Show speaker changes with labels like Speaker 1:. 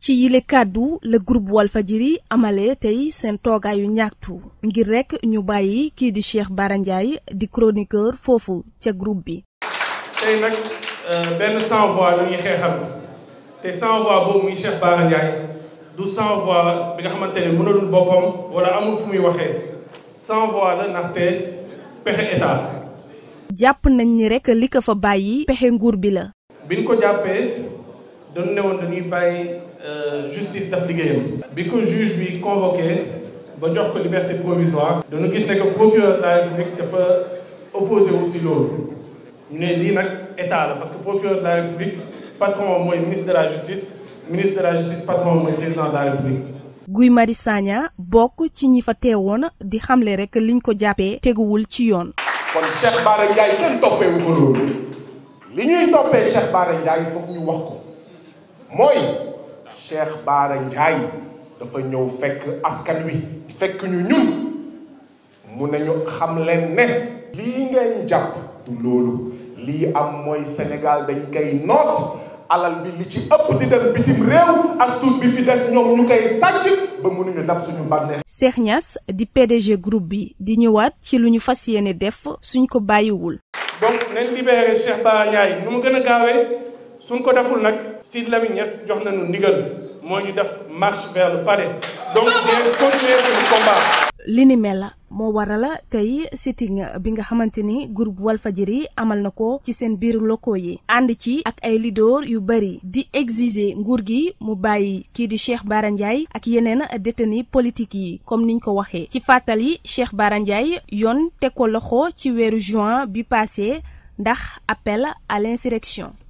Speaker 1: ci yile kàddu la groupe Walfadjiri amale tey seen toogaayu ñaxtu ngir rek ñu bàyyi kii di Cheikh Bara Ndiaye di chroniqueur foofu ca groupe bi.
Speaker 2: tey nag euh, benn sans voix la ñuy xeexal te sans voix boobu muy Cheikh du sans voix bi nga xamante ne mënalul boppam wala amul fu waxee sans voix la ndaxte pexe état.
Speaker 1: jàpp nañ ni rek li ko fa bàyyi pexe nguur bi la.
Speaker 2: biñ ko jàppee dañ ne woon dañuy bàyyi euh, justice daf liggéeyam. bi ko juge bi convoqué ba jox ko liberté provisoire. dañu gis ne procureur de dafa opposé wu loolu ne lii nag état la parce que procureur de patron mooy ministre de la justice ministre de la justice patron mooy président de
Speaker 1: Guy Marius bokk ci ñi fa teewoon di xamle rekk liñ ko jàppee teguwul ci yoon kon
Speaker 3: Cheikh Bara kenn toppee wu ko loolu li ñuy toppee Cheikh Bara Ndiaye ñu wax ko mooy Cheikh Bara dafa ñëw fekk askan wi fekk ñu ñun mu nañu xam leen ne lii ngeen jàpp du loolu lii am mooy Sénégal dañ koy noot alal bi li ci ëpp di dem bitim réew ak suuf bi fi des ñoom ñu sàcc ba mënuñu dab suñu bànneex.
Speaker 1: Cheikh di PDG groupe bi di ñëwaat ci lu ñu fas yéene def suñ ko bàyyiwul.
Speaker 2: donc nañ libéré Cheikh Bara nu mu gën a gaawee suñ ko deful nag Sidy Lamine jox nañu ndigal moo ñu def marche vers le palais donc ngeen continuer suñu
Speaker 1: combat. li ni mel moo warala tey sitting bi nga xamante ni groupe Walfadjri amal na ko ci seen biir locaux yi ànd ci ak ay leader yu bëri di exiger nguur gi mu bàyyi kii di Cheikh Bara Ndiaye ak yeneen déteni politique yi comme ni niñ ko waxee ci fàttali Cheikh Bara Ndiaye yoon teg ko loxo ci weeru juin bi passé ndax appel à l'insurrection